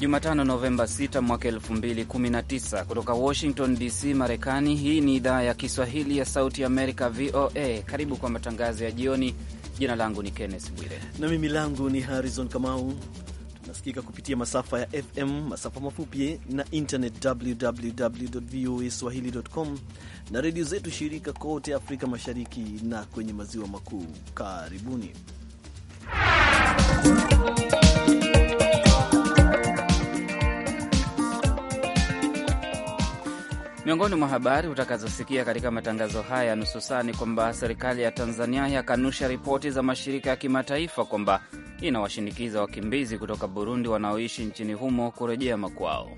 Jumatano Novemba 6 mwaka 2019 kutoka Washington DC, Marekani. Hii ni idhaa ya Kiswahili ya Sauti Amerika, VOA. Karibu kwa matangazo ya jioni. Jina langu ni Kenneth Bwire na mimi langu ni Harrison Kamau. Tunasikika kupitia masafa ya FM, masafa mafupi na internet, www voa swahili.com, na redio zetu shirika kote Afrika Mashariki na kwenye maziwa makuu. Karibuni Miongoni mwa habari utakazosikia katika matangazo haya nusu saa ni kwamba serikali ya Tanzania yakanusha ripoti za mashirika ya kimataifa kwamba inawashinikiza wakimbizi kutoka Burundi wanaoishi nchini humo kurejea makwao.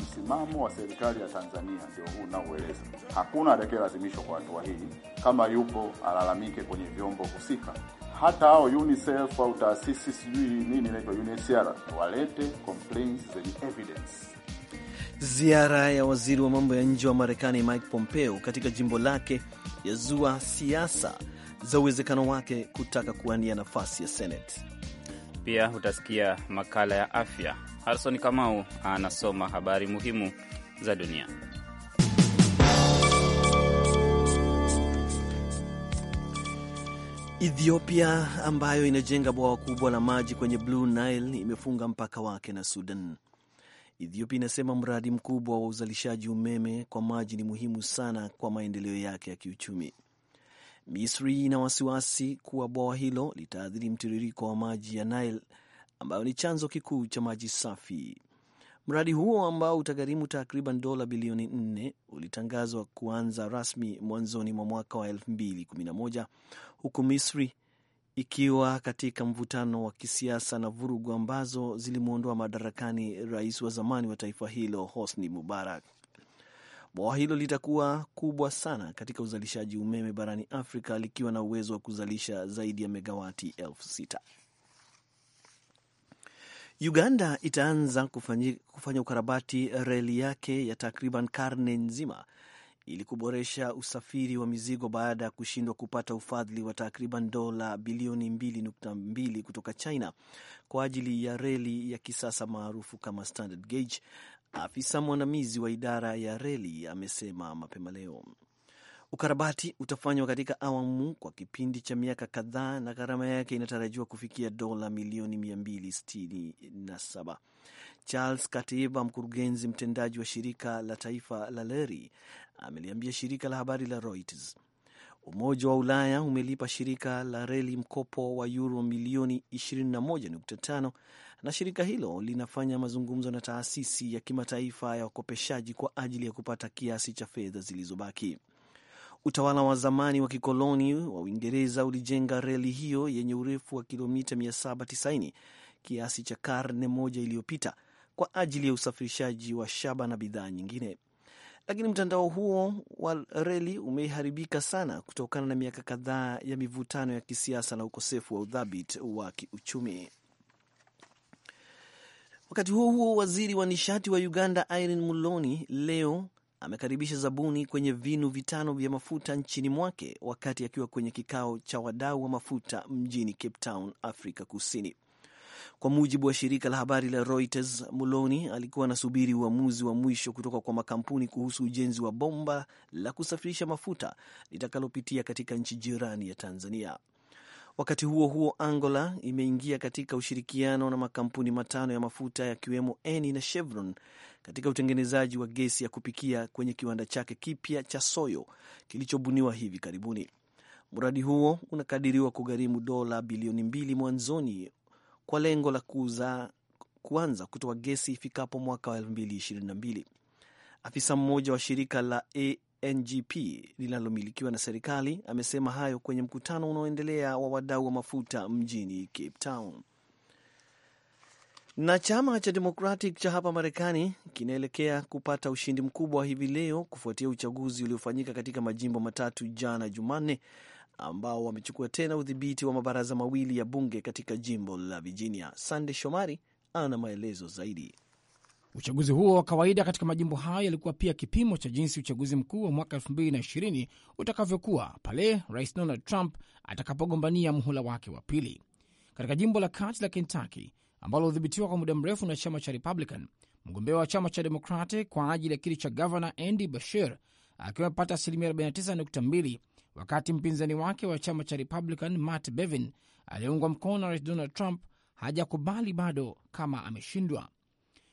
Msimamo wa serikali ya Tanzania ndio huu unaoeleza, hakuna atakayelazimishwa kwa hatua hii. Kama yupo alalamike kwenye vyombo husika, hata hao UNICEF au taasisi sijui nini inaitwa UNHCR walete complaints zenye evidence Ziara ya waziri wa mambo ya nje wa Marekani Mike Pompeo katika jimbo lake yazua siasa za uwezekano wake kutaka kuwania nafasi ya Senate. Pia utasikia makala ya afya. Harison Kamau anasoma habari muhimu za dunia. Ethiopia ambayo inajenga bwawa kubwa la maji kwenye Blue Nile imefunga mpaka wake na Sudan. Ethiopia inasema mradi mkubwa wa uzalishaji umeme kwa maji ni muhimu sana kwa maendeleo yake ya kiuchumi. Misri ina wasiwasi kuwa bwawa hilo litaathiri mtiririko wa maji ya Nile ambayo ni chanzo kikuu cha maji safi. Mradi huo ambao utagharimu takriban dola bilioni 4 ulitangazwa kuanza rasmi mwanzoni mwa mwaka wa 2011 huku Misri ikiwa katika mvutano wa kisiasa na vurugu ambazo zilimwondoa madarakani rais wa zamani wa taifa hilo Hosni Mubarak. Bwawa hilo litakuwa kubwa sana katika uzalishaji umeme barani Afrika likiwa na uwezo wa kuzalisha zaidi ya megawati elfu sita. Uganda itaanza kufanya ukarabati reli yake ya takriban karne nzima ili kuboresha usafiri wa mizigo baada ya kushindwa kupata ufadhili wa takriban dola bilioni 2.2 kutoka China kwa ajili ya reli ya kisasa maarufu kama standard gauge, afisa mwandamizi wa idara ya reli amesema mapema leo. Ukarabati utafanywa katika awamu kwa kipindi cha miaka kadhaa na gharama yake inatarajiwa kufikia dola milioni 267. Charles Katiba, mkurugenzi mtendaji wa shirika la taifa la reli, ameliambia shirika la habari la Reuters. Umoja wa Ulaya umelipa shirika la reli mkopo wa yuro milioni 21.5 na shirika hilo linafanya mazungumzo na taasisi ya kimataifa ya wakopeshaji kwa ajili ya kupata kiasi cha fedha zilizobaki. Utawala wa zamani wa kikoloni wa Uingereza ulijenga reli hiyo yenye urefu wa kilomita 790 kiasi cha karne moja iliyopita kwa ajili ya usafirishaji wa shaba na bidhaa nyingine lakini mtandao huo wa reli umeiharibika sana kutokana na miaka kadhaa ya mivutano ya kisiasa na ukosefu wa udhabiti wa kiuchumi. Wakati huo huo, waziri wa nishati wa Uganda Irene Muloni leo amekaribisha zabuni kwenye vinu vitano vya mafuta nchini mwake wakati akiwa kwenye kikao cha wadau wa mafuta mjini Cape Town, Afrika Kusini. Kwa mujibu wa shirika la habari la Reuters, Muloni alikuwa anasubiri uamuzi wa mwisho kutoka kwa makampuni kuhusu ujenzi wa bomba la kusafirisha mafuta litakalopitia katika nchi jirani ya Tanzania. Wakati huo huo, Angola imeingia katika ushirikiano na makampuni matano ya mafuta yakiwemo Eni na Chevron katika utengenezaji wa gesi ya kupikia kwenye kiwanda chake kipya cha Soyo kilichobuniwa hivi karibuni. Mradi huo unakadiriwa kugharimu dola bilioni mbili mwanzoni kwa lengo la kuuza, kuanza kutoa gesi ifikapo mwaka wa 2022. Afisa mmoja wa shirika la ANGP linalomilikiwa na serikali amesema hayo kwenye mkutano unaoendelea wa wadau wa mafuta mjini Cape Town. Na chama cha Democratic cha hapa Marekani kinaelekea kupata ushindi mkubwa hivi leo kufuatia uchaguzi uliofanyika katika majimbo matatu jana Jumanne ambao wamechukua tena udhibiti wa mabaraza mawili ya bunge katika jimbo la Virginia. Sande Shomari ana maelezo zaidi. Uchaguzi huo wa kawaida katika majimbo hayo yalikuwa pia kipimo cha jinsi uchaguzi mkuu wa mwaka 2020 utakavyokuwa pale Rais Donald Trump atakapogombania muhula wake wa pili. Katika jimbo la kati la Kentucky ambalo hudhibitiwa kwa muda mrefu na chama cha Republican, mgombea wa chama cha Demokrati kwa ajili ya kiti cha gavana Andy Bashir akiwa amepata asilimia 49.2 wakati mpinzani wake wa chama cha Republican Matt Bevin aliyeungwa mkono na rais Donald Trump hajakubali bado kama ameshindwa.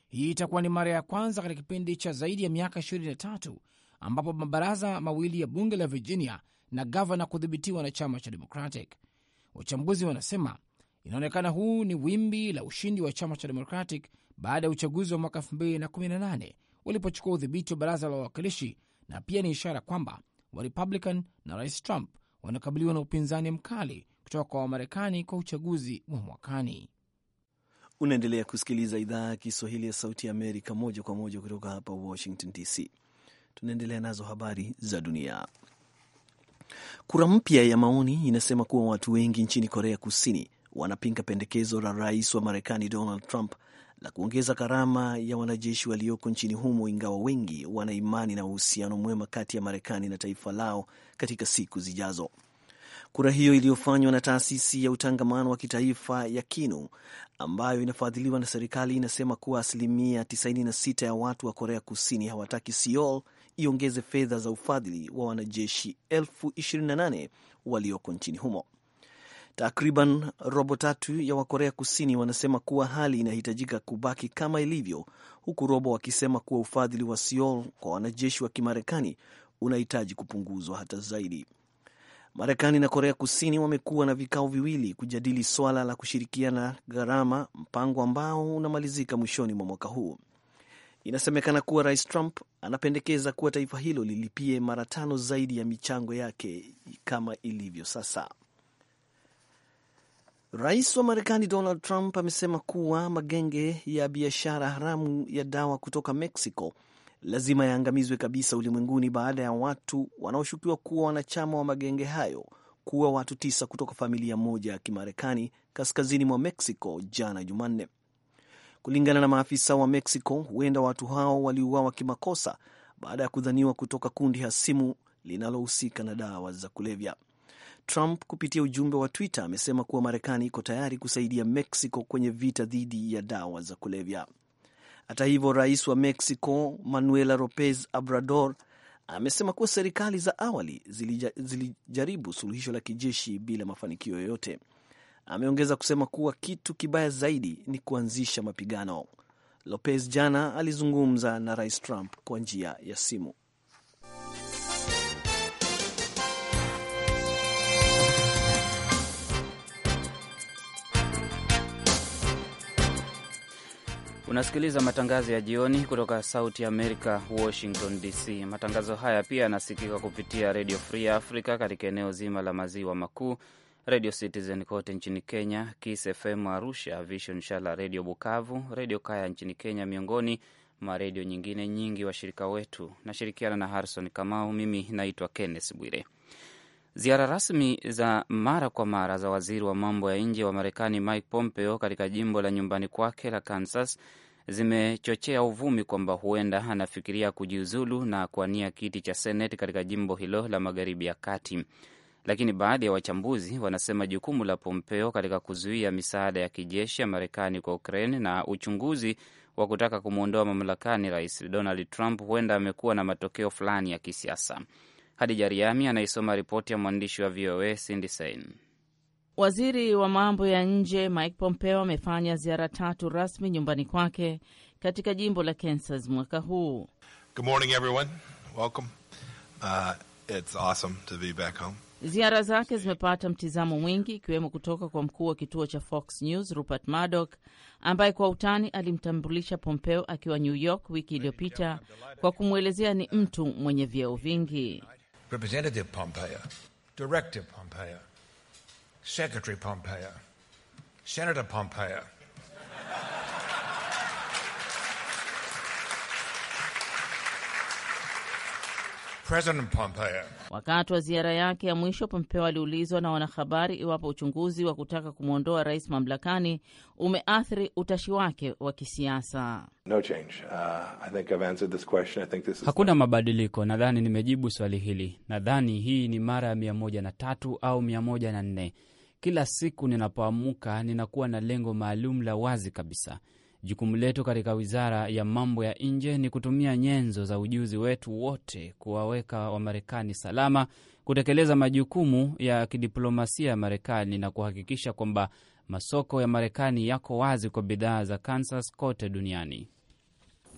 Hii itakuwa ni mara ya kwanza katika kipindi cha zaidi ya miaka 23 ambapo mabaraza mawili ya bunge la Virginia na gavana kudhibitiwa na chama cha Democratic. Wachambuzi wanasema inaonekana huu ni wimbi la ushindi wa chama cha Democratic baada ya uchaguzi wa mwaka 2018 walipochukua udhibiti wa baraza la wawakilishi, na pia ni ishara kwamba wa Republican na Rais Trump wanakabiliwa na upinzani mkali kutoka kwa Wamarekani kwa uchaguzi wa mwakani. Unaendelea kusikiliza idhaa ya Kiswahili ya Sauti ya Amerika moja kwa moja kutoka hapa Washington DC. Tunaendelea nazo habari za dunia. Kura mpya ya maoni inasema kuwa watu wengi nchini Korea Kusini wanapinga pendekezo la rais wa Marekani Donald Trump na kuongeza gharama ya wanajeshi walioko nchini humo, ingawa wengi wana imani na uhusiano mwema kati ya Marekani na taifa lao katika siku zijazo. Kura hiyo iliyofanywa na taasisi ya utangamano wa kitaifa ya Kinu ambayo inafadhiliwa na serikali inasema kuwa asilimia 96 ya watu wa Korea Kusini hawataki Seoul iongeze fedha za ufadhili wa wanajeshi elfu 28 walioko nchini humo. Takriban robo tatu ya Wakorea Kusini wanasema kuwa hali inahitajika kubaki kama ilivyo, huku robo wakisema kuwa ufadhili wa Seoul kwa wanajeshi wa Kimarekani unahitaji kupunguzwa hata zaidi. Marekani na Korea Kusini wamekuwa na vikao viwili kujadili swala la kushirikiana gharama, mpango ambao unamalizika mwishoni mwa mwaka huu. Inasemekana kuwa Rais Trump anapendekeza kuwa taifa hilo lilipie mara tano zaidi ya michango yake kama ilivyo sasa. Rais wa Marekani Donald Trump amesema kuwa magenge ya biashara haramu ya dawa kutoka Mexico lazima yaangamizwe kabisa ulimwenguni baada ya watu wanaoshukiwa kuwa wanachama wa magenge hayo kuwa watu tisa kutoka familia moja ya Kimarekani kaskazini mwa Mexico jana Jumanne. Kulingana na maafisa wa Mexico, huenda watu hao waliuawa kimakosa baada ya kudhaniwa kutoka kundi hasimu linalohusika na dawa za kulevya. Trump kupitia ujumbe wa Twitter amesema kuwa Marekani iko tayari kusaidia Mexico kwenye vita dhidi ya dawa za kulevya. Hata hivyo, rais wa Mexico Manuel Lopez Obrador amesema kuwa serikali za awali zilijaribu suluhisho la kijeshi bila mafanikio yoyote. Ameongeza kusema kuwa kitu kibaya zaidi ni kuanzisha mapigano. Lopez jana alizungumza na rais Trump kwa njia ya simu. Unasikiliza matangazo ya jioni kutoka Sauti ya Amerika, Washington DC. Matangazo haya pia yanasikika kupitia Redio Free Africa katika eneo zima la maziwa makuu, Redio Citizen kote nchini Kenya, Kiss FM Arusha, Vision Shala, Redio Bukavu, Redio Kaya nchini Kenya, miongoni mwa redio nyingine nyingi washirika wetu. Nashirikiana na Harrison Kamau. Mimi naitwa Kenneth Bwire. Ziara rasmi za mara kwa mara za waziri wa mambo ya nje wa Marekani Mike Pompeo katika jimbo la nyumbani kwake la Kansas zimechochea uvumi kwamba huenda anafikiria kujiuzulu na kuania kiti cha seneti katika jimbo hilo la magharibi ya kati. Lakini baadhi ya wachambuzi wanasema jukumu la Pompeo katika kuzuia misaada ya kijeshi ya Marekani kwa Ukraine na uchunguzi wa kutaka kumwondoa mamlakani rais Donald Trump huenda amekuwa na matokeo fulani ya kisiasa. Hadija Riami anaisoma ripoti ya mwandishi wa VOA Cindy Sain. Waziri wa mambo ya nje Mike Pompeo amefanya ziara tatu rasmi nyumbani kwake katika jimbo la Kansas mwaka huu. Good morning everyone. Welcome. Uh, it's awesome to be back home. Ziara zake zimepata mtizamo mwingi ikiwemo kutoka kwa mkuu wa kituo cha Fox News Rupert Murdoch ambaye kwa utani alimtambulisha Pompeo akiwa New York wiki iliyopita kwa kumwelezea ni mtu mwenye vyeo vingi. Representative Pompeo, Director Pompeo, Secretary Pompeo, Senator Pompeo. President Pompeo. Wakati wa ziara yake ya mwisho, Pompeo aliulizwa na wanahabari iwapo uchunguzi wa kutaka kumwondoa rais mamlakani umeathiri utashi wake wa kisiasa. No change. Uh, I think I've answered this question. I think this is... Hakuna mabadiliko. Nadhani nimejibu swali hili. Nadhani hii ni mara ya mia moja na tatu au mia moja na nne. Kila siku ninapoamuka ninakuwa na lengo maalum la wazi kabisa. Jukumu letu katika wizara ya mambo ya nje ni kutumia nyenzo za ujuzi wetu wote kuwaweka Wamarekani salama, kutekeleza majukumu ya kidiplomasia ya Marekani na kuhakikisha kwamba masoko ya Marekani yako wazi kwa bidhaa za Kansas kote duniani.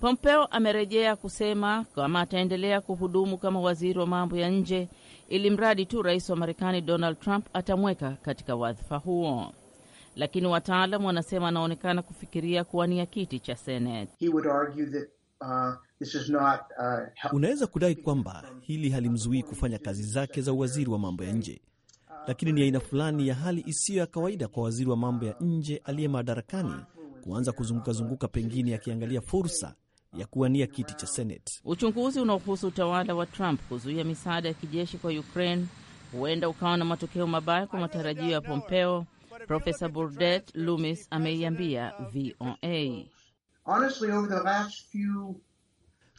Pompeo amerejea kusema kama ataendelea kuhudumu kama waziri wa mambo ya nje ili mradi tu rais wa Marekani Donald Trump atamweka katika wadhifa huo lakini wataalam wanasema anaonekana kufikiria kuwania kiti cha seneti. Uh, uh, unaweza kudai kwamba hili halimzuii kufanya kazi zake za uwaziri wa mambo ya nje, lakini ni aina fulani ya hali isiyo ya kawaida kwa waziri wa mambo ya nje aliye madarakani kuanza kuzungukazunguka, pengine akiangalia fursa ya kuwania kiti cha seneti. Uchunguzi unaohusu utawala wa Trump kuzuia misaada ya kijeshi kwa Ukraine huenda ukawa na matokeo mabaya kwa matarajio ya Pompeo Profesa Burdet Lumis ameiambia VOA. Honestly, over the last few...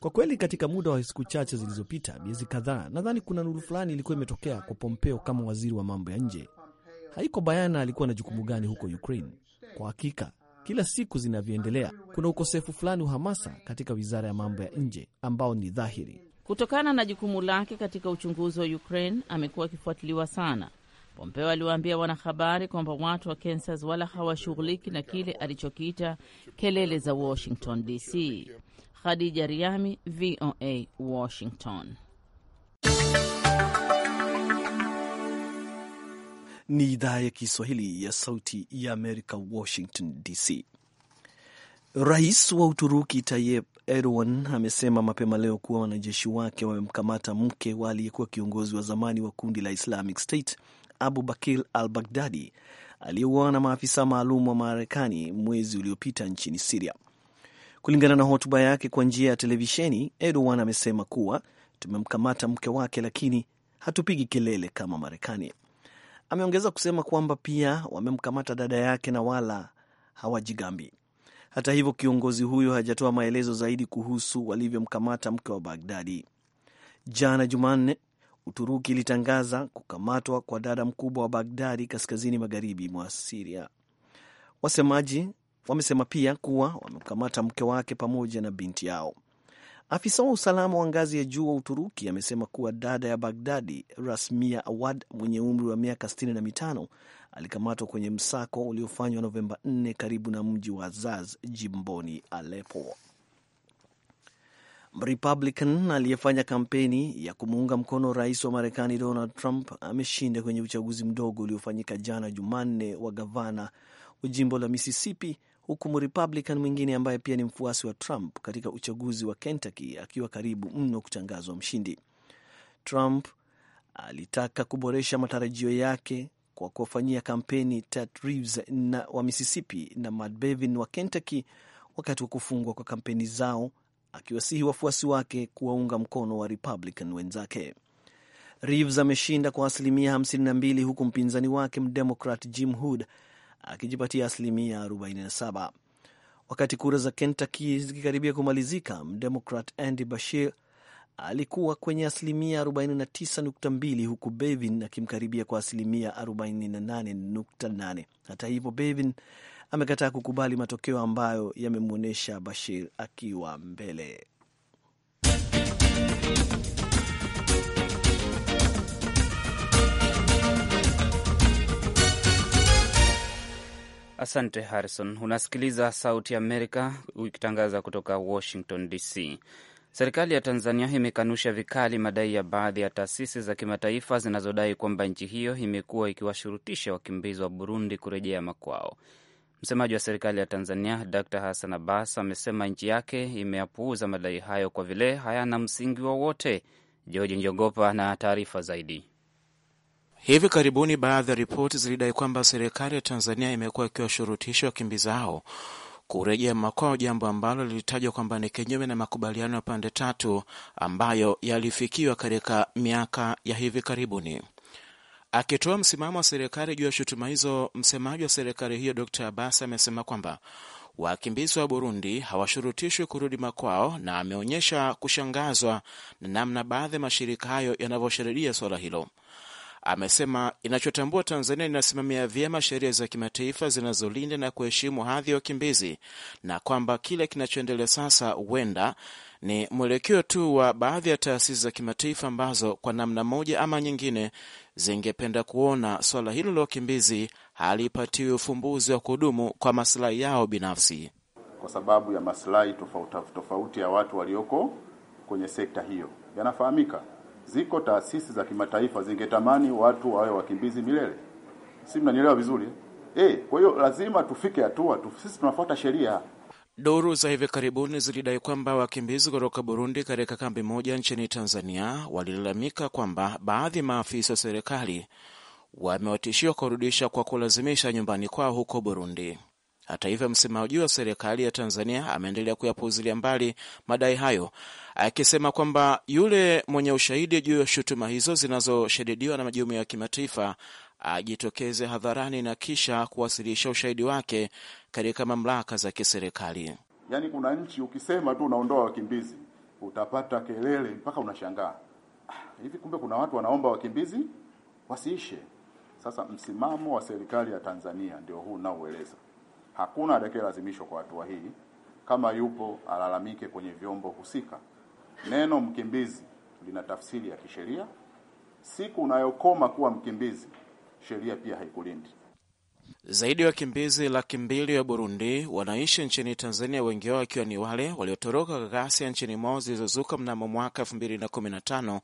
Kwa kweli katika muda wa siku chache zilizopita, miezi kadhaa, nadhani kuna nuru fulani ilikuwa imetokea kwa Pompeo kama waziri wa mambo ya nje. Haiko bayana alikuwa na jukumu gani huko Ukraine. Kwa hakika kila siku zinavyoendelea, kuna ukosefu fulani wa hamasa katika wizara ya mambo ya nje ambao ni dhahiri. Kutokana na jukumu lake katika uchunguzi wa Ukraine, amekuwa akifuatiliwa sana Pompeo aliwaambia wanahabari kwamba watu wa Kansas wala hawashughuliki na kile alichokiita kelele za Washington DC. Khadija Riami, VOA, Washington. Ni idhaa ya Kiswahili ya Sauti ya Amerika, Washington DC. Rais wa Uturuki Tayyip Erdogan amesema mapema leo kuwa wanajeshi wake wamemkamata mke wa aliyekuwa kiongozi wa zamani wa kundi la Islamic State Abu Bakir al Baghdadi aliyeuawa na maafisa maalum wa Marekani mwezi uliopita nchini Siria. Kulingana na hotuba yake kwa njia ya televisheni, Erdogan amesema kuwa tumemkamata mke wake, lakini hatupigi kelele kama Marekani. Ameongeza kusema kwamba pia wamemkamata dada yake na wala hawajigambi. Hata hivyo, kiongozi huyo hajatoa maelezo zaidi kuhusu walivyomkamata mke wa Bagdadi. Jana Jumanne, Uturuki ilitangaza kukamatwa kwa dada mkubwa wa Bagdadi kaskazini magharibi mwa Siria. Wasemaji wamesema pia kuwa wamekamata mke wake pamoja na binti yao. Afisa wa usalama wa ngazi ya juu wa Uturuki amesema kuwa dada ya Bagdadi, Rasmia Awad, mwenye umri wa miaka 65 alikamatwa kwenye msako uliofanywa Novemba 4 karibu na mji wa Zaz jimboni Alepo. Mrepublican aliyefanya kampeni ya kumuunga mkono rais wa Marekani Donald Trump ameshinda kwenye uchaguzi mdogo uliofanyika jana Jumanne wa gavana wa jimbo la Mississippi, huku Mrepublican mwingine ambaye pia ni mfuasi wa Trump katika uchaguzi wa Kentucky akiwa karibu mno kutangazwa mshindi. Trump alitaka kuboresha matarajio yake kwa kuwafanyia kampeni Ted Reeves wa Mississippi na Matt Bevin wa Kentucky wakati wa kufungwa kwa kampeni zao akiwasihi wafuasi wake kuwaunga mkono wa Republican wenzake. Reeves ameshinda kwa asilimia 52 huku mpinzani wake mdemokrat Jim Hood akijipatia asilimia 47. Wakati kura za Kentucky zikikaribia kumalizika, mdemokrat Andy Bashir alikuwa kwenye asilimia 49.2 huku Bevin akimkaribia kwa asilimia 48.8. Hata hivyo, Bevin amekataa kukubali matokeo ambayo yamemwonyesha Bashir akiwa mbele. Asante Harrison. Unasikiliza Sauti ya Amerika ikitangaza kutoka Washington DC. Serikali ya Tanzania imekanusha vikali madai ya baadhi ya taasisi za kimataifa zinazodai kwamba nchi hiyo imekuwa ikiwashurutisha wakimbizi wa Burundi kurejea makwao. Msemaji wa serikali ya Tanzania Dr Hassan Abbas amesema nchi yake imeyapuuza madai hayo kwa vile hayana msingi wowote. George Njogopa na taarifa zaidi. Hivi karibuni baadhi ya ripoti zilidai kwamba serikali ya Tanzania imekuwa ikiwashurutisha wakimbizi hao kurejea makwao, jambo ambalo lilitajwa kwamba ni kinyume na makubaliano ya pande tatu ambayo yalifikiwa katika miaka ya hivi karibuni. Akitoa msimamo wa serikali juu ya shutuma hizo, msemaji wa serikali hiyo Dr Abasi amesema kwamba wakimbizi wa Burundi hawashurutishwi kurudi makwao, na ameonyesha kushangazwa na namna baadhi ya mashirika hayo yanavyosheredia suala hilo amesema inachotambua Tanzania inasimamia vyema sheria za kimataifa zinazolinda na kuheshimu hadhi ya wakimbizi na kwamba kile kinachoendelea sasa huenda ni mwelekeo tu wa baadhi ya taasisi za kimataifa ambazo kwa namna moja ama nyingine zingependa kuona swala hilo la wakimbizi halipatiwi ufumbuzi wa kudumu kwa masilahi yao binafsi, kwa sababu ya masilahi tofauti tofauti ya watu walioko kwenye sekta hiyo yanafahamika ziko taasisi za kimataifa zingetamani watu wawe wakimbizi milele, si mnanielewa vizuri eh? Kwa hiyo lazima tufike hatua, sisi tunafuata sheria. Duru za hivi karibuni zilidai kwamba wakimbizi kutoka Burundi katika kambi moja nchini Tanzania walilalamika kwamba baadhi ya maafisa wa serikali wamewatishia kurudisha kwa kulazimisha nyumbani kwao huko Burundi. Hata hivyo, msemaji wa serikali ya Tanzania ameendelea kuyapuuzilia mbali madai hayo akisema kwamba yule mwenye ushahidi juu ya shutuma hizo zinazoshadidiwa na jumuiya ya kimataifa ajitokeze hadharani na kisha kuwasilisha ushahidi wake katika mamlaka za kiserikali. Yaani, kuna nchi ukisema tu unaondoa wakimbizi utapata kelele mpaka unashangaa, ah, hivi kumbe kuna watu wanaomba wakimbizi wasiishe. Sasa msimamo wa serikali ya Tanzania ndio huu unaoeleza hakuna atakayelazimishwa kwa hatua hii. Kama yupo alalamike kwenye vyombo husika. Neno mkimbizi lina tafsiri ya kisheria. Siku unayokoma kuwa mkimbizi, sheria pia haikulindi. Zaidi ya wa wakimbizi laki mbili wa Burundi wanaishi nchini Tanzania, wengi wao wakiwa ni wale waliotoroka ghasia nchini mwao zilizozuka mnamo mwaka 2015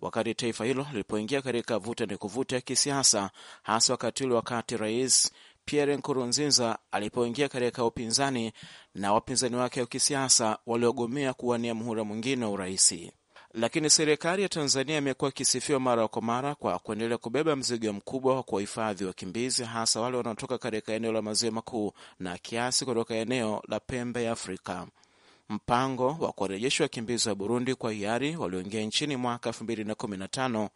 wakati taifa hilo lilipoingia katika vuta ni kuvuta ya kisiasa, hasa wakati ule wakati Rais Pierre Nkurunziza alipoingia katika upinzani na wapinzani wake wa kisiasa waliogomea kuwania muhula mwingine wa uraisi. Lakini serikali ya Tanzania imekuwa ikisifiwa mara kwa mara kwa kuendelea kubeba mzigo mkubwa wa kuwahifadhi wakimbizi, hasa wale wanaotoka katika eneo la maziwa makuu na kiasi kutoka eneo la pembe ya Afrika. Mpango wa kuwarejesha wakimbizi wa Burundi kwa hiari walioingia nchini mwaka 215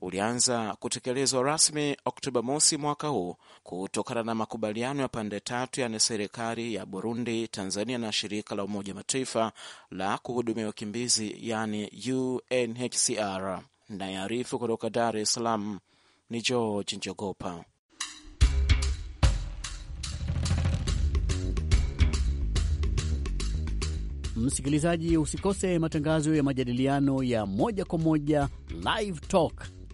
ulianza kutekelezwa rasmi Oktoba mosi mwaka huu kutokana na makubaliano ya pande tatu yani serikali ya Burundi, Tanzania na shirika la Umoja Mataifa la kuhudumia wakimbizi yani UNHCR. Nayearifu kutoka Dar es Salaam ni George Njogopa. Msikilizaji, usikose matangazo ya majadiliano ya moja kwa moja Live Talk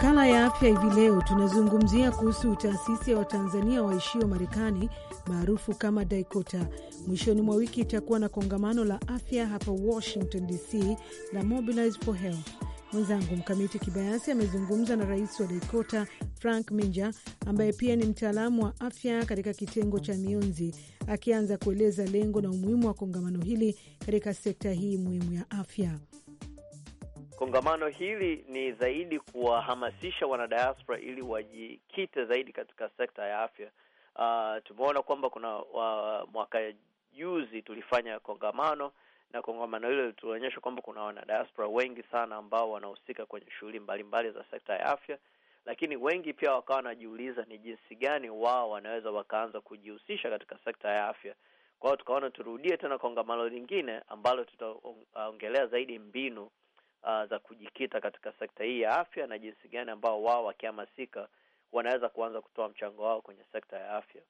makala ya afya hivi leo tunazungumzia kuhusu taasisi ya Watanzania waishio Marekani maarufu kama DAIKOTA. Mwishoni mwa wiki itakuwa na kongamano la afya hapa Washington DC la Mobilize for Health. Mwenzangu Mkamiti Kibayasi amezungumza na rais wa DAIKOTA Frank Minja ambaye pia ni mtaalamu wa afya katika kitengo cha mionzi, akianza kueleza lengo na umuhimu wa kongamano hili katika sekta hii muhimu ya afya kongamano hili ni zaidi kuwahamasisha wanadiaspora ili wajikite zaidi katika sekta ya afya. Uh, tumeona kwamba kuna uh, mwaka juzi tulifanya kongamano na kongamano hilo tulionyesha kwamba kuna wanadiaspora wengi sana ambao wanahusika kwenye shughuli mbalimbali za sekta ya afya, lakini wengi pia wakawa wanajiuliza ni jinsi gani wao wanaweza wakaanza kujihusisha katika sekta ya afya. Kwa hiyo tukaona turudie tena kongamano lingine ambalo tutaongelea zaidi mbinu uh, za kujikita katika sekta hii ya afya na jinsi gani ambao wao wakihamasika wanaweza kuanza kutoa mchango wao kwenye sekta ya afya.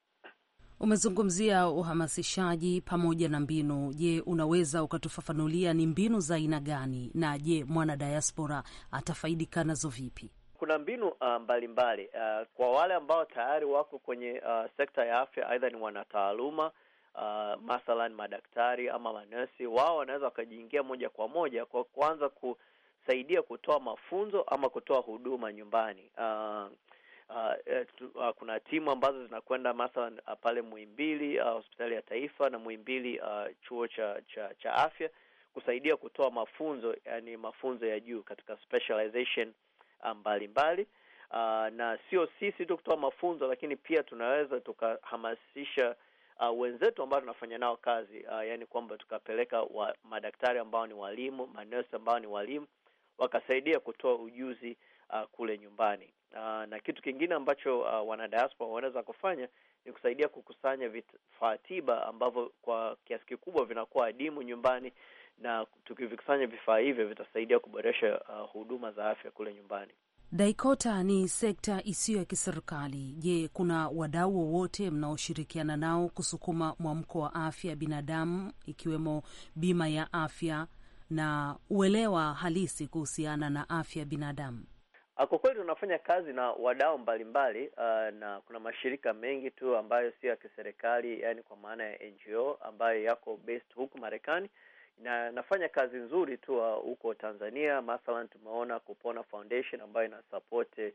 Umezungumzia uhamasishaji pamoja na mbinu. Je, unaweza ukatufafanulia ni mbinu za aina gani, na je, mwana diaspora atafaidika nazo vipi? Kuna mbinu uh, mbalimbali uh, kwa wale ambao tayari wako kwenye uh, sekta ya afya, aidha ni wanataaluma uh, mathalan madaktari ama manesi, wao wanaweza wakajiingia moja kwa moja kwa kuanza kusaidia kutoa mafunzo ama kutoa huduma nyumbani. uh, Uh, eh, uh, kuna timu ambazo zinakwenda mathalan uh, pale muimbili uh, hospitali ya taifa na muimbili uh, chuo cha, cha cha afya kusaidia kutoa mafunzo yani mafunzo ya juu katika specialization uh, mbalimbali. Uh, na sio sisi tu kutoa mafunzo, lakini pia tunaweza tukahamasisha uh, wenzetu ambao tunafanya nao kazi uh, yani kwamba tukapeleka wa, madaktari ambao ni walimu, manesi ambao ni walimu wakasaidia kutoa ujuzi uh, kule nyumbani uh, na kitu kingine ambacho uh, wanadiaspora wanaweza kufanya ni kusaidia kukusanya vifaa tiba ambavyo kwa kiasi kikubwa vinakuwa adimu nyumbani, na tukivikusanya vifaa hivyo vitasaidia kuboresha uh, huduma za afya kule nyumbani. DAIKOTA ni sekta isiyo ya kiserikali. Je, kuna wadau wowote mnaoshirikiana nao kusukuma mwamko wa afya ya binadamu ikiwemo bima ya afya na uelewa halisi kuhusiana na afya ya binadamu? Ah, kwa kweli tunafanya kazi na wadau mbalimbali uh, na kuna mashirika mengi tu ambayo sio ya kiserikali, yani kwa maana ya NGO ambayo yako based huku Marekani na nafanya kazi nzuri tu uh, huko Tanzania. Mathalan, tumeona Kupona Foundation ambayo inasapoti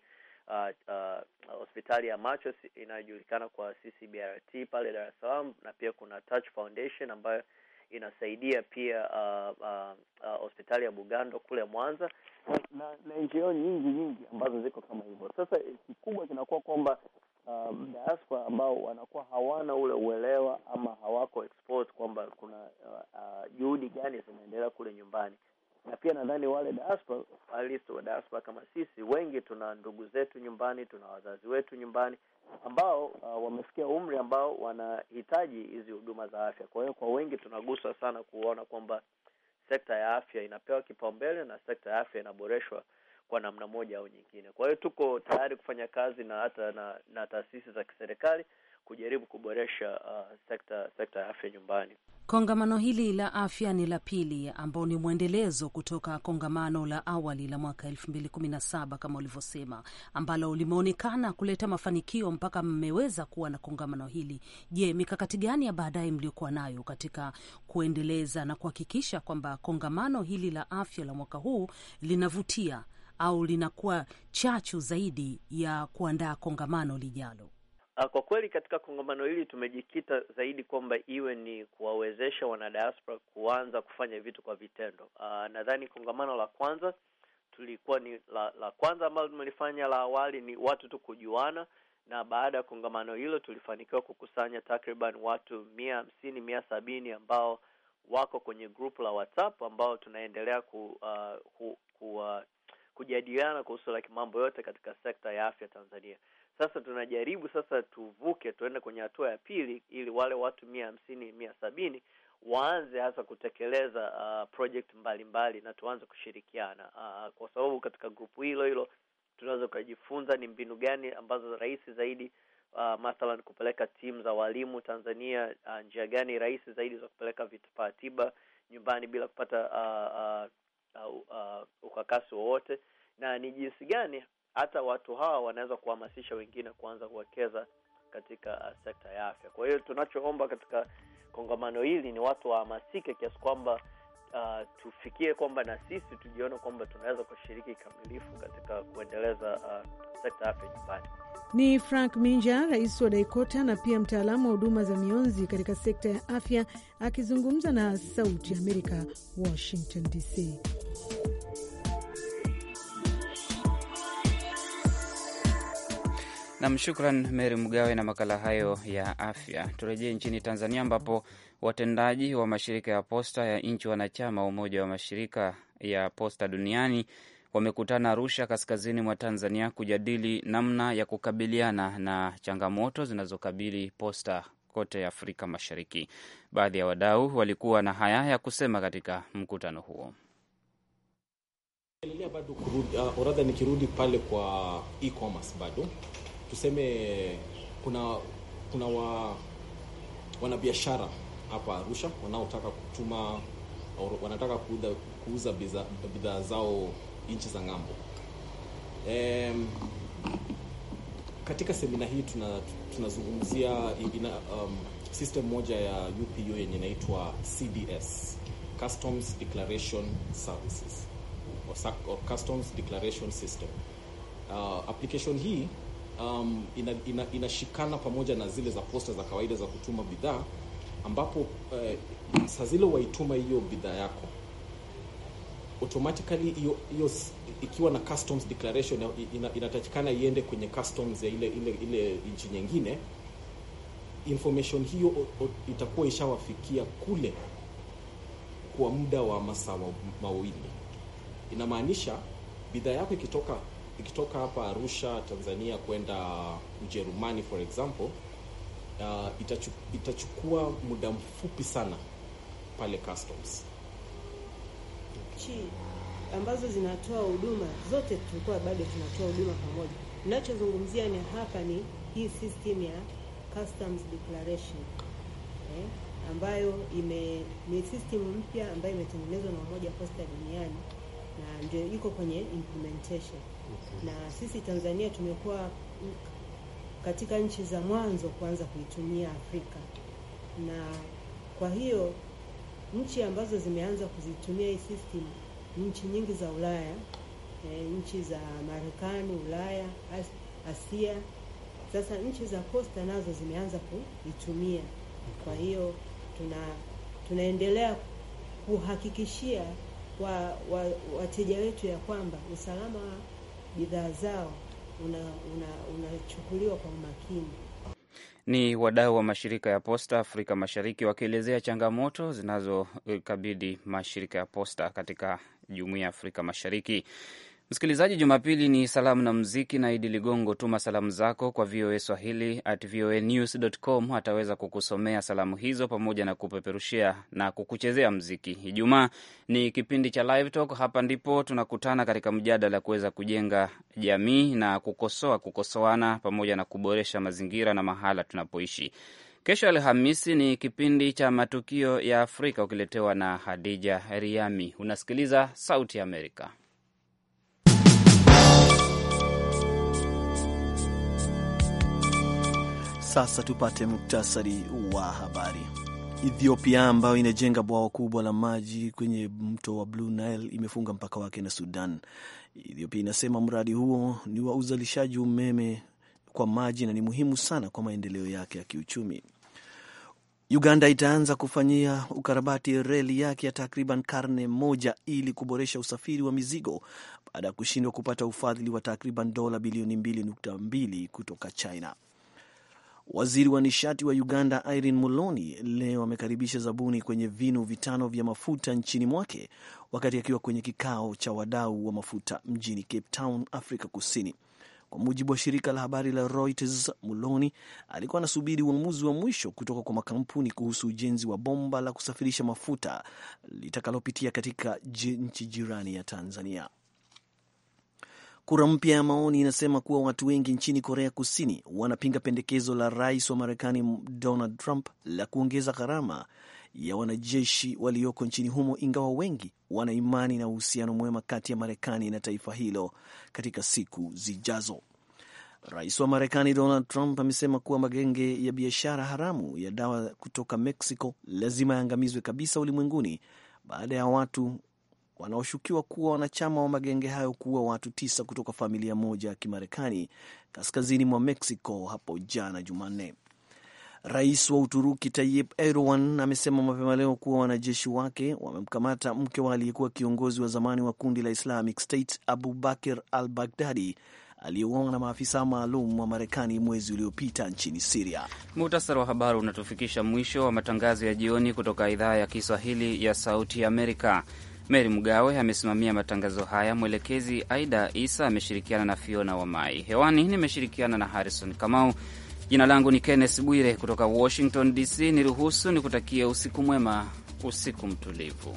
hospitali uh, uh, ya macho inayojulikana kwa CCBRT pale Dar es Salaam, na pia kuna Touch Foundation ambayo inasaidia pia hospitali uh, uh, uh, hospitali ya Bugando kule Mwanza na na NGO nyingi nyingi ambazo ziko kama hivyo. Sasa eh, kikubwa kinakuwa kwamba um, diaspora ambao wanakuwa hawana ule uelewa ama hawako exposed kwamba kuna uh, juhudi gani zinaendelea kule nyumbani, na pia nadhani wale diaspora alist wa diaspora kama sisi wengi tuna ndugu zetu nyumbani, tuna wazazi wetu nyumbani ambao uh, wamefikia umri ambao wanahitaji hizi huduma za afya. Kwa hiyo kwa wengi tunaguswa sana kuona kwamba sekta ya afya inapewa kipaumbele na sekta ya afya inaboreshwa kwa namna moja au nyingine. Kwa hiyo tuko tayari kufanya kazi na hata na, na taasisi za kiserikali kujaribu kuboresha uh, sekta sekta ya afya nyumbani. Kongamano hili la afya ni la pili ambao ni mwendelezo kutoka kongamano la awali la mwaka elfu mbili kumi na saba kama ulivyosema, ambalo limeonekana kuleta mafanikio mpaka mmeweza kuwa na kongamano hili. Je, mikakati gani ya baadaye mliokuwa nayo katika kuendeleza na kuhakikisha kwamba kongamano hili la afya la mwaka huu linavutia au linakuwa chachu zaidi ya kuandaa kongamano lijalo? Ah, kwa kweli katika kongamano hili tumejikita zaidi kwamba iwe ni kuwawezesha wanadiaspora kuanza kufanya vitu kwa vitendo. Ah, nadhani kongamano la kwanza tulikuwa ni la, la kwanza ambalo tumelifanya la awali ni watu tu kujuana, na baada ya kongamano hilo tulifanikiwa kukusanya takriban watu mia hamsini mia sabini ambao wako kwenye grupu la WhatsApp ambao tunaendelea ku, uh, ku, ku uh, kujadiliana kuhusu like mambo yote katika sekta ya afya Tanzania. Sasa tunajaribu sasa tuvuke tuende kwenye hatua ya pili, ili wale watu mia hamsini mia sabini waanze hasa kutekeleza uh, project mbalimbali na tuanze kushirikiana uh, kwa sababu katika grupu hilo hilo tunaweza ukajifunza ni mbinu gani ambazo rahisi zaidi uh, mathalan kupeleka timu za walimu Tanzania, uh, njia gani rahisi zaidi za kupeleka vifaa tiba nyumbani bila kupata uh, uh, uh, uh, ukakasi wowote, na ni jinsi gani hata watu hawa wanaweza kuhamasisha wengine kuanza kuwekeza katika uh, sekta ya afya. Kwa hiyo tunachoomba katika kongamano hili ni watu wahamasike kiasi kwamba uh, tufikie kwamba na sisi tujione kwamba tunaweza kushiriki kikamilifu katika kuendeleza uh, sekta ya afya nyumbani. Ni Frank Minja, rais wa Daikota na pia mtaalamu wa huduma za mionzi katika sekta ya afya akizungumza na Sauti ya Amerika, Washington DC. Nam, shukran Meri Mgawe na makala hayo ya afya. Turejee nchini Tanzania ambapo watendaji wa mashirika ya posta ya nchi wanachama wa Umoja wa Mashirika ya Posta Duniani wamekutana Arusha, kaskazini mwa Tanzania, kujadili namna ya kukabiliana na changamoto zinazokabili posta kote Afrika Mashariki. Baadhi ya wadau walikuwa na haya ya kusema katika mkutano huo. Bado kurudi, uh, nikirudi pale kwa e-commerce bado tuseme kuna kuna wa, wanabiashara hapa Arusha wanaotaka kutuma wanataka kuuza, kuuza bidhaa zao nchi za ng'ambo. E, katika semina hii tuna tunazungumzia ina, um, system moja ya UPU yenye inaitwa CDS Customs Declaration Services or, or Customs Declaration System. Uh, application hii um, inashikana ina, ina pamoja na zile za posta za kawaida za kutuma bidhaa ambapo eh, saa zile waituma hiyo bidhaa yako automatically hiyo hiyo ikiwa na customs declaration ina, iende kwenye customs ya ile ile ile nchi nyingine. Information hiyo o, o, itakuwa ishawafikia kule kwa muda wa masaa mawili. Inamaanisha bidhaa yako ikitoka ikitoka hapa Arusha Tanzania kwenda Ujerumani for example uh, itachuk, itachukua muda mfupi sana pale customs. Nchi ambazo zinatoa huduma zote tulikuwa bado tunatoa huduma pamoja. Ninachozungumzia ni hapa ni hii system ya customs declaration eh, ambayo ime ni system mpya ambayo imetengenezwa na Umoja Posta Duniani na ndio iko kwenye implementation na sisi Tanzania tumekuwa katika nchi za mwanzo kuanza kuitumia Afrika, na kwa hiyo nchi ambazo zimeanza kuzitumia hii system nchi nyingi za Ulaya, e, nchi za Marekani, Ulaya, Asia. Sasa nchi za Costa nazo zimeanza kuitumia. Kwa hiyo tuna tunaendelea kuhakikishia kwa wateja wa wetu ya kwamba usalama bidhaa zao unachukuliwa una, una kwa umakini. Ni wadau wa mashirika ya posta Afrika Mashariki wakielezea changamoto zinazokabidi mashirika ya posta katika jumuiya ya Afrika Mashariki. Msikilizaji, Jumapili ni salamu na mziki na Idi Ligongo. Tuma salamu zako kwa VOA Swahili at voa news com, ataweza kukusomea salamu hizo pamoja na kupeperushia na kukuchezea mziki. Ijumaa ni kipindi cha Live Talk. Hapa ndipo tunakutana katika mjadala kuweza kujenga jamii na kukosoa, kukosoana pamoja na kuboresha mazingira na mahala tunapoishi. Kesho Alhamisi ni kipindi cha matukio ya Afrika ukiletewa na Hadija Riami. Unasikiliza Sauti Amerika. Sasa tupate muktasari wa habari. Ethiopia ambayo inajenga bwawa kubwa la maji kwenye mto wa Blue Nile imefunga mpaka wake na Sudan. Ethiopia inasema mradi huo ni wa uzalishaji umeme kwa maji na ni muhimu sana kwa maendeleo yake ya kiuchumi. Uganda itaanza kufanyia ukarabati reli yake ya takriban karne moja ili kuboresha usafiri wa mizigo baada ya kushindwa kupata ufadhili wa takriban dola bilioni 2.2 kutoka China. Waziri wa nishati wa Uganda Irene Muloni leo amekaribisha zabuni kwenye vinu vitano vya mafuta nchini mwake wakati akiwa kwenye kikao cha wadau wa mafuta mjini Cape Town, Afrika Kusini. Kwa mujibu wa shirika la habari la Reuters, Muloni alikuwa anasubiri uamuzi wa mwisho kutoka kwa makampuni kuhusu ujenzi wa bomba la kusafirisha mafuta litakalopitia katika nchi jirani ya Tanzania. Kura mpya ya maoni inasema kuwa watu wengi nchini Korea Kusini wanapinga pendekezo la rais wa Marekani Donald Trump la kuongeza gharama ya wanajeshi walioko nchini humo, ingawa wengi wana imani na uhusiano mwema kati ya Marekani na taifa hilo katika siku zijazo. Rais wa Marekani Donald Trump amesema kuwa magenge ya biashara haramu ya dawa kutoka Mexico lazima yaangamizwe kabisa ulimwenguni baada ya watu wanaoshukiwa kuwa wanachama wa magenge hayo kuua watu tisa kutoka familia moja ya Kimarekani kaskazini mwa Mexico hapo jana Jumanne. Rais wa Uturuki Tayyip Erdogan amesema mapema leo kuwa wanajeshi wake wamemkamata mke wa aliyekuwa kiongozi wa zamani wa kundi la Islamic State Abu al Baghdadi aliyeuawa na maafisa maalum wa Marekani mwezi uliopita nchini Siria. Muhtasari wa habari unatufikisha mwisho wa matangazo ya jioni kutoka idhaa ya Kiswahili ya Sauti Amerika. Meri Mgawe amesimamia matangazo haya, mwelekezi Aida Isa ameshirikiana na Fiona Wamai. Hewani nimeshirikiana na Harrison Kamau. Jina langu ni Kenneth Bwire kutoka Washington DC. Niruhusu nikutakie usiku mwema, usiku mtulivu.